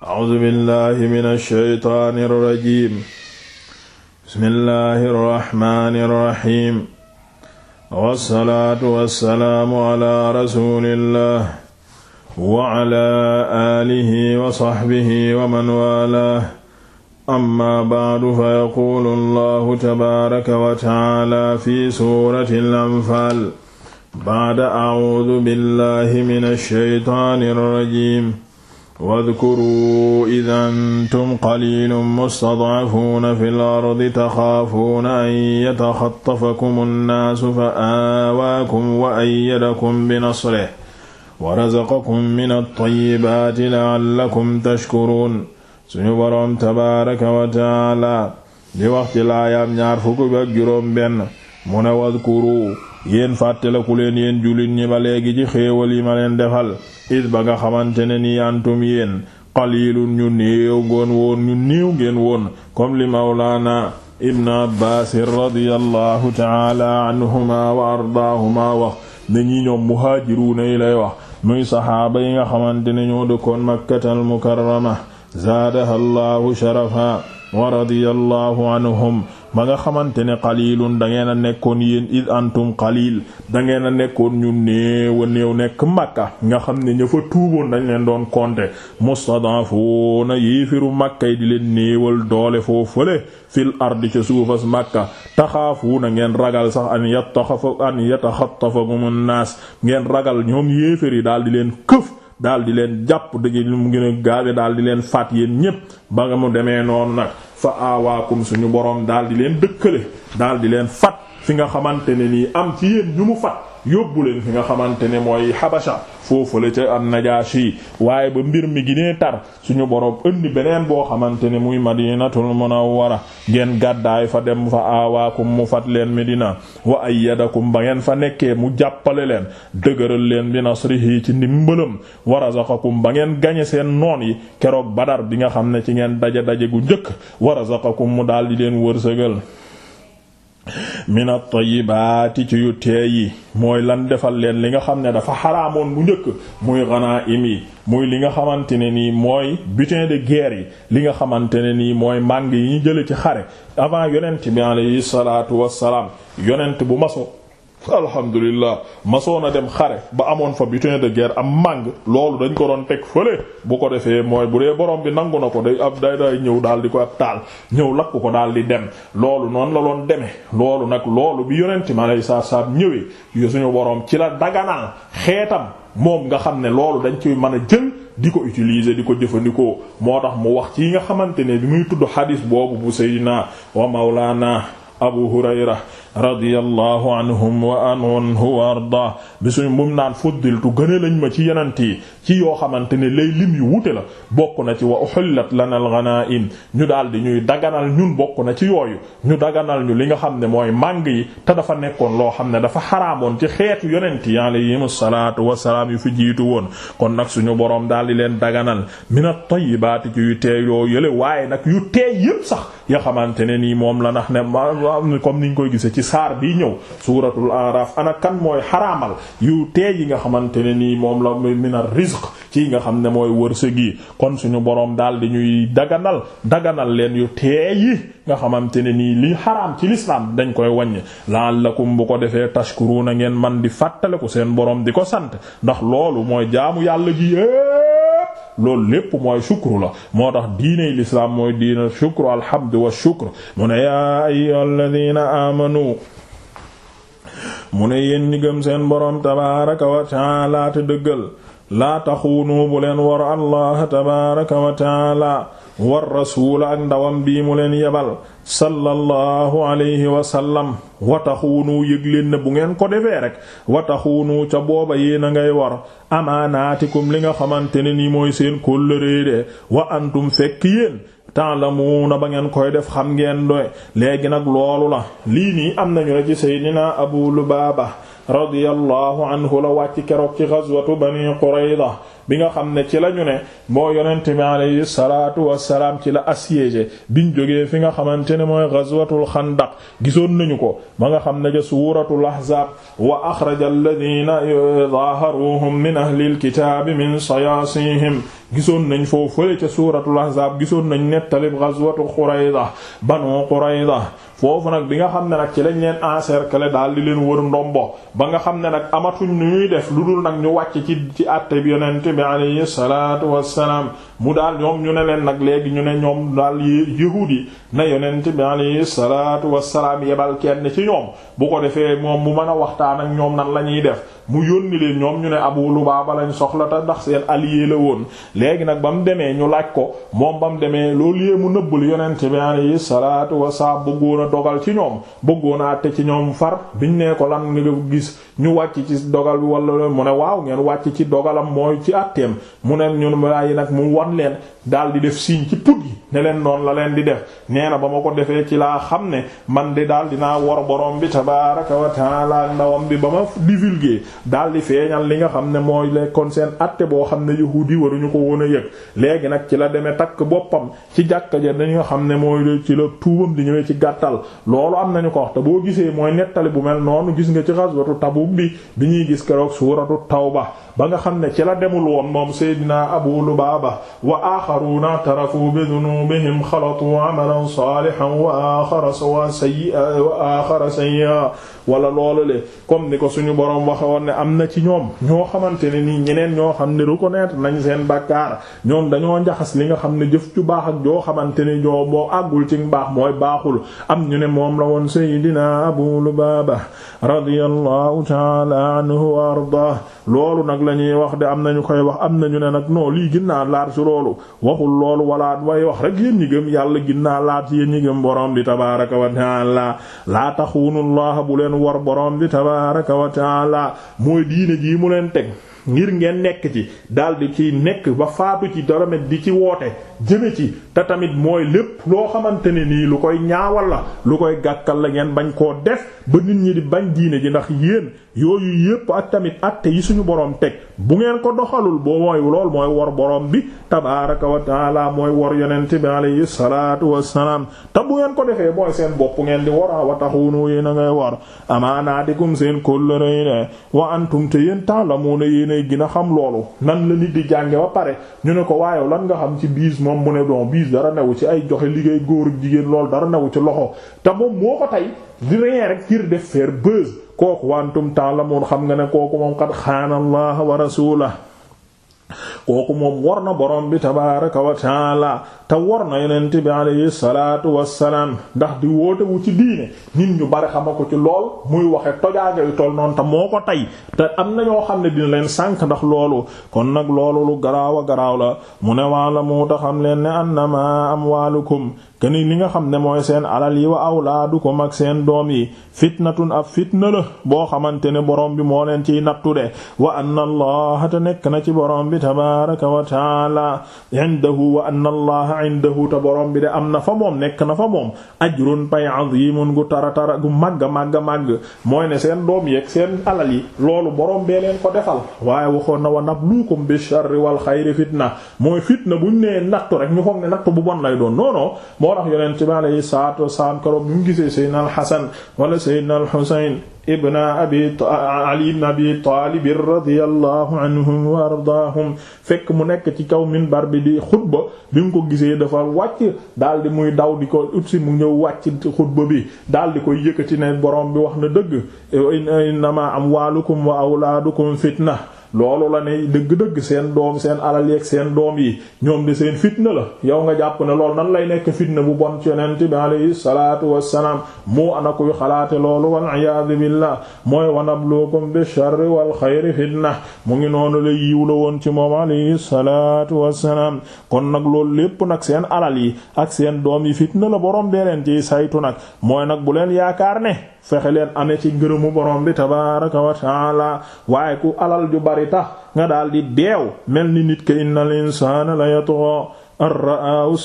a'uuzu billahi mina shaytaani rajiim bismillahi rahmaani rahiim wassalaatu wassalaamu ala rasuulillah wa ala aalihi wa sahbihi wa man waalaah amma ba'du fa yaquulu allahu tabaaraka wa ta'aala fi suuratil anfaal ba'da a'uuzu billahi mina shaytaani rajiim wadkuruu id antum qalilun mustadcafuuna fi lardi taxaafuuna an yataxatafakum annaasu fa aawaakum wa ayyadakum binasrihi wa razaqakum min altayibaati lacallakum tashkuruun suñu boroom tabaaraka wa tacaala di wax ci laayaam ñaar fukk ak juróom benn mu ne wadkuruu yéen fàttaliku leen yéen jullit ñi ba léegi ci xéewal yi ma leen defal id ba nga xamante ne nii antum yéen qalilun ñu néew goon woon ñu néew ngeen woon comme li mawlaana ibn abbaas radiyallahu taala anhuma wa ardaahuma wa dañuy ñoom muhaajiruuna yi lay wax muy saxaaba yi nga xamante ne ñoo dëkkoon makkatal mukarrama zaadaha allahu sharafa wa radiyallahu anhum ba nga xamante ne qalilun da ngeen a nekkoon yéen id antum qalil da ngeen a nekkoon ñu néew a néew nekk Makka nga xam ne ña fa tuuboon dañ leen doon konte compter mustadafuna yéefiru Makka yi di leen néewal doole foo fële fil ardi ca suufas Makka taxaafuuna ngeen ragal sax an yataxafa an yataxatafakum an naas ngeen ragal ñoom yéefir yi daal di leen këf daal di leen jàpp dëgg lu mu gën a gaawe daal di leen fat yéen ñépp ba nga mu demee noonu nag fa awaakum suñu boroom daal di leen dëkkale daal di leen fat fi nga xamante ne nii am ci yéen ñu mu fat yóbbu leen fi nga xamante ne mooy xabasa foofu la ca am najaashi waaye ba mbir mi ginee tar suñu borom indi beneen boo xamante ne muy madinatul munawwara ngeen gàddaayu fa dem fa aawaakum mu fat leen medina wa ay ayyadakum ba ngeen fa nekkee mu jàppale leen dëgëral leen bi nasrihi ci ndimbalam wa razaqakum ba ngeen gañe seen noon yi keroog badar bi nga xam ne ci ngeen daje daje gu njëkk wa razaqakum mu daal di leen wërsëgal min at-tayyibaati ci yu teey yi mooy lan defal leen li nga xam ne dafa xaraamoon bu njëkk muy ghanaim yi muy li nga xamante ne nii mooy butin de guerre yi li nga xamante ne nii mooy màng yi ñu jële ci xare avant yonent bi alayhi salaatu salaam yonent bu maso ma soon a dem xare ba amoon fa butin de guerre am màng loolu dañ ko doon teg fële bu ko defee mooy bu dee boroom bi nangu na ko day ab day day ñëw daal di ko ab taal ñëw lakk ko daal di dem loolu noonu la doon demee loolu nag loolu bi yonente ma lay saa saa ñëwee yo suñu borom ci la daganal xeetam moom nga xam ne loolu dañ ciy mën a jël di ko utiliser di ko jëfandikoo moo tax mu wax ci yi nga xamante ne bi muy tudd xadiis boobu bu Seydina wa Mawlana Abu Hurayra radiyallahu anhum wa anhu wa arda bi suñu mum naan fuddiltu gëne lañ ma ci yenante yi ci yoo xamante ne lay lim yu wute la bokk na ci wa uhillat lana al-ghanaim ñu daal di ñuy daganal ñun bokk na ci yooyu ñu daganal ñu li nga xam ne mooy màng yi te dafa nekkoon loo xam ne dafa xaraamoon ci xeetu yonent yi alayhim salaatu wasalaam yu fi jiitu woon kon nag suñu boroom daal di leen daganal mina tayyibaati ci yu teey yoo yële waaye nag yu teey yépp sax ya xamante ne nii moom la ndax ne comme niñ koy gise ci saar bi ñëw suuratul araf ana kan mooy xaraamal yu tee yi nga xamante ne nii moom la mina rizq ci nga xam ne mooy wërsëg yi kon suñu boroom daal di ñuy daganal daganal leen yu tee yi nga xamante ne nii li xaraam ci lislaam dañ koy la la'allakum bu ko defee tashkuruna ngeen man di fàttale fàttaliku seen boroom di ko sant ndax loolu mooy jaamu yàlla ji eh, loolu lépp mooy shukru la moo tax diiney lislaam mooy diina shukru alhamdu wa shukr mu ne yaa ayyuhal ladina amanu mu ne yéen ñi gëm seen boroom tabaraka wa taala te dëggal laa taxuunu bu leen war allah tabaraka wa taala war rasuula ak ndawam bii mu leen yebal sallallahu alayhi wa sallam wataxuunu yëg leen ne bu ngeen ko defee rek wataxuunu ca booba yéen a ngay war amaanaatikum li nga xamante ne ni mooy seen kóllëre de wa antum fekk yéen ta'lamuna ba ngeen koy def xam ngeen doy léegi nag loolu la lii nii am nañu rek ci seydina Abu Lubaaba radiyallahu anhu la wàcc keroog ci ghazwatu Bani Qurayza bi nga xam ne ci la ñu ne moo yonent bi alayhi salaatu ci la assiégé biñ jógee fi nga xamante ne mooy ghazwatul xandaq gisoon nañu ko ma nga xam ne ja suuratul ahzaab wa axraja alladhiina zaaharuuhum min ahlil kitaabi min sayaasihim gisoon nañ foofu fële ca suuratul ahzaab gisoon nañ nettalib ghazwatu Qurayza banu Qurayza foofu nag bi nga xam ne nag ci lañ leen encercler daal di leen wër ndombo ba nga xam ne nag amatuñ nu ñuy def lu dul nag ñu wàcc ci ci àtte bi yonent bi alayhi salaatu wassalaam mu daal ñoom ñu ne leen nag léegi ñu ne ñoom daal yahuud yi na yonent bi alayhi salaatu wassalaam yebal kenn ci ñoom bu ko defee moom mu mën a waxtaan ak ñoom nan la ñuy def mu yónni leen ñoom ñu ne Abu Lubaaba lañ soxla te ndax seen allié la woon léegi nag ba mu demee ñu laaj ko moom ba mu demee loolu yee mu nëbbal yonent bi yi salaatu wasalaam bëggoon a dogal ci ñoom bëggoon a àtte ci ñoom far ñu nee ko lan nga gis ñu wàcc ci dogal bi wala mu ne waaw ngeen wàcc ci dogalam mooy ci àtteem mu ne ñun waaye nag mu wan leen daal di def signe ci put yi ne leen la leen di def nee ba ma ko defee ci laa xam ne man de daal dinaa war borom bi tabaaraka wa laa ndawam bi ba ma divulguer daal di feeñal li nga xam ne mooy le kon seen atte boo xam ne yahuudi waruñu ko woon a yëg léegi nag ci la deme takk boppam ci jàkka ja dañu xam ne mooy ci la tuubam di ñëwee ci gàttal loolu am nañu ko wax boo gisee mooy nettali bu mel noonu gis nga ci ghazwatu Tabuk bi bi ñuy gis keroog suuratu Tawba ba nga xam ne ci la demul woon moom Seydina Abu Lubaaba wa aaxaruuna tarafu bi dunuubihim xalatu amalan saalihan wa aaxara sayyi'an wa aaxara sayyi'an wala loolu le comme ni ko suñu borom waxe woon ne am na ci ñoom ñoo xamante ne nii ñeneen ñoo xam ne reconnaître nañ seen bàkkaar ñoom dañoo njaxas li nga xam ne jëf ju baax ak joo xamante ne ñoo moo àggul ci baax mooy baaxul am ñu ne moom la woon Seydina Abu Lubaaba radiyallahu ta'ala anhu wa ardaa loolu nag la wax de am nañu koy wax am na ñu ne nag noo lii ginnaa laar si loolu waxul loolu wala way wax rek yéen ñi gëm yàlla ginnaa laar si yéen ñi gëm borom bi tabaaraka wa leen war borom bi tabaaraka wa taala mooy diine jii mu leen teg ngir ngeen nekk ci daldi ci nekk ba faatu ci doromet di ci woote jëme ci te tamit mooy lépp loo xamante ne nii lu koy ñaawal la lu koy gàkkal la ngeen bañ koo def ba nit ñi di bañ diine ji ndax yéen yooyu yépp ak tamit atte yi suñu boroom teg bu ngeen ko doxalul boo mooy lool mooy wor boroom bi tabaaraka wa taala mooy wor yonent bi alayhi salaatu wassalaam te bu ngeen ko defee mooy seen bopp ngeen di wora wa taxunu yéen a ngay wor amaanaatikum seen kóllëre wa yéenay gën a xam loolu nan la nit di jànge ba pare ñu ne ko waaye lan nga xam ci biis moom mu ne don biis dara newu ci ay joxe liggéey góor ak jigéen loolu dara newu ci loxo te moom moo ko tey di rien rek kir def faire buzz kooku wantum temps la moon xam nga ne kooku moom kat xaana Allah wa rasulah kooku moom war na borom bi tabaraka wa taala te wor na yonent bi alayhi salaatu wassalaam ndax di woote wu ci diine nit ñu bari xama ko ci lool muy waxe tojaage yu toll noonu te moo ko tey te am na ñoo xam ne dina leen sànk ndax loolu kon nag loolu lu garaaw a garaaw la mu ne waa la mu taxam leen ne annama amwaalukum keni li nga xam ne mooy seen alal yi wa awlaadukum ak seen doom yi fitnatun ab fitna la boo xamante ne borom bi moo leen ciy nattu de wa anna allaha te nekk na ci borom bi tabaaraka wa taala indahu wa wa indahu te borom bi de am na fa moom nekk na fa moom ajrun pay azimun gu tara tara gu màgg màgg màgg mooy ne seen doom yeeg seen alal yi loolu borom bee leen ko defal waaye waxoon na wa nabluukum bi sharri wal xayri fitna mooy fitna buñ nee nattu rek ñu foog ne nattu bu bon lay doon non non moo tax yonent bi alayhi salaatu wasalaam bi mu gisee Seydina al Hasan wala Seydina al Husayn ibn abi taalib radiyallahu anhum wa ardaahum fekk mu nekk ci kaw minbar bi di xutba bi mu ko gisee dafa wàcc daldi muy daw di ko utsi mu ñëw wàcc xutba bi daal di koy yëkkati ne borom bi wax na dëgg innama amwaalukum wa awlaadukum fitna loolu la ne dëgg-dëgg seen doom seen alal yeeg seen doom yi ñoom de seen fitna la yow nga jàpp ne lool nan lay nekk fitna bu bon ci yonent bi alayhi salaatu wassalaam moo ana kuy xalaate loolu wal iyaadu billah mooy wanabluukum bi sharri wal xayri fitna mu ngi noonu la yiw la woon ci moom alayhi salaatu wassalaam kon nag loolu lépp nag seen alal yi ak seen doom yi fitna la boroom bee leen ci saytu nag mooy nag bu leen yaakaar ne fexe leen amee ci ngërëmu borom bi tabaaraka wa taala waaye ku alal ju bari tax nga daal di deew mel ni nit ka innal insaana la yatgha ar ra'ahu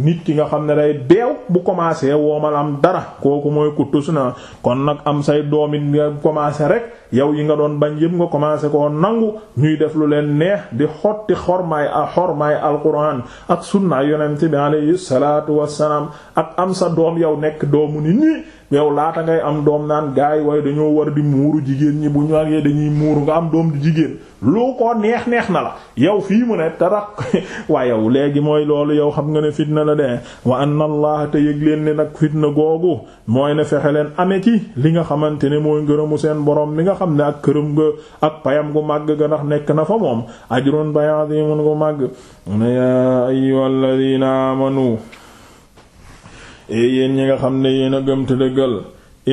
nit ki nga xam ne day deew bu commencé woomal am dara kooku mooy ku tus na kon nag am say doomit nga commencé rek yow yi nga doon bañ yëpp nga commencé koo nangu ñuy def lu leen neex di xotti xormaay a xormaay alquran ak sunna yonent bi alayhi salaatu wassalaam ak am sa doom yow nekk doomu nit ñi yow laata ngay am doom naan gars yi waaye dañoo war di muuru jigéen ñi bu ñu waxee dañuy muuru nga am doom di jigéen loo ko neex neex na la yow fii mu ne tara waa yow léegi mooy loolu yow xam nga ne fitna la de wa anna allah te yëg leen ne nag fitna googu mooy ne fexe leen ame ci li nga xamante ne mooy ngërëmu seen borom li nga xam ne ak këram nga ak payam gu màgg ga ndax nekk na fa moom ajrun bayazimun gu màgg ne yaa ayyuhal ladina amanu e yéen ñi nga xam ne yéen a gëm te dëggal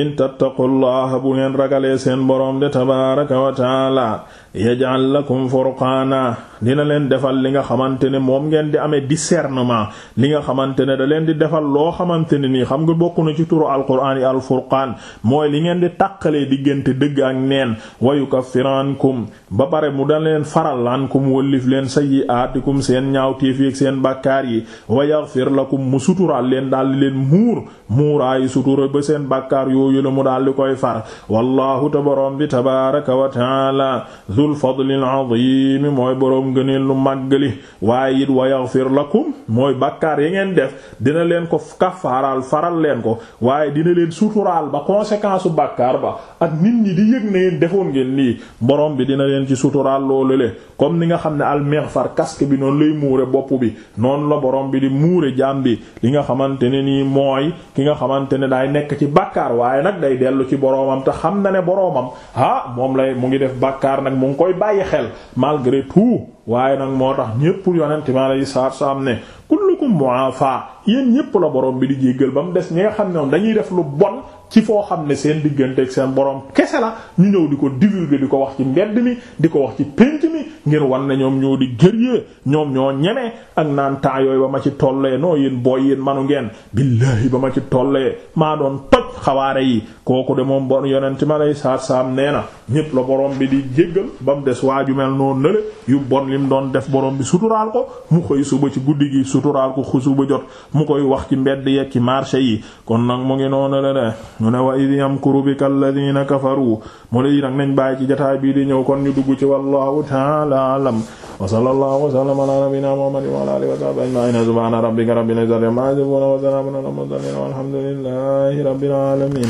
in tattaqullaha bu ngeen ragalee seen boroom de tabaaraka wa taala yaj'al lakum furqaana dina leen defal li nga xamante ne moom ngeen di amee discernement li nga xamante ne da leen di defal loo xamante ne nii xam nga bokku na ci turu alquraan yi alfurqaan mooy li ngeen di tàqalee diggante dëgg ak neen wa yukaffirankum ba pare mu da leen faral ankum wëllif leen sayyi'aatikum seen ñaawteef yi ak seen bàkkaar yi wa yaghfir mu suturaal leen daal seen bàkkaar yoo yooyu la mu daal di koy far wallahu te boroom bi tabaraka wa taala zul fadlil azim mooy boroom gëneel lu màggali waaye it wa lakum mooy bàkkaar yi ngeen def dina leen ko kafaaral faral leen ko waaye dina leen suturaal ba conséquence u bàkkaar ba ak nit ñi di yëg ne yeen defoon ngeen lii boroom bi dina leen ci suturaal loolu le comme ni nga xam ne almixfar casque bi noonu lay muure bopp bi noonu la boroom bi di muure jaam bi li nga xamante nii mooy ki nga waaye nag day dellu ci boroomam te xam na ne boroomam ah moom lay mu ngi def bàkkaar nag mu ngi koy bàyyi xel malgré tout waaye nag moo tax ñépp yonent mi alayhi salaatu salaam ne kullukum mu'afa yéen ñépp la boroom bi di jéggal ba mu des ñi nga xam ne moom dañuy def lu bon ci foo xam ne seen diggante seen borom kese la ñu ñëw di ko divulguer di ko wax ci mbedd mi di ko wax ci pénc mi ngir wan ne ñoom ñoo di gërëyee ñoom ñoo ñeme ak naan yooyu ba ma ci tollee noo yéen booy yéen manu ngeen billaahi ba ma ci tollee maa doon toj xawaare yi kooku de moom bon yonent ma lay saar saam nee na ñépp la borom bi di jéggal ba mu des waa ju mel noonu nële yu bon lim doon def borom bi suturaal ko mu xëy suba ci guddi gi suturaal ko suba jot mu koy wax ci mbedd yeeg ci yi kon nag mu ngi noonu la de mu ne wa idh yamkuru bika alladhina kafaru mu lay nag nañ bàyyi ci jotaay bii di ñëw kon ñu dugg ci wallahu ta'ala alam wa sallallahu wa sallama ala nabiyyina muhammadin wa ala alihi wa sahbihi ajma'in subhana rabbika rabbil izzati amma yasifun wa salamun ala mursalin walhamdulillahi alamin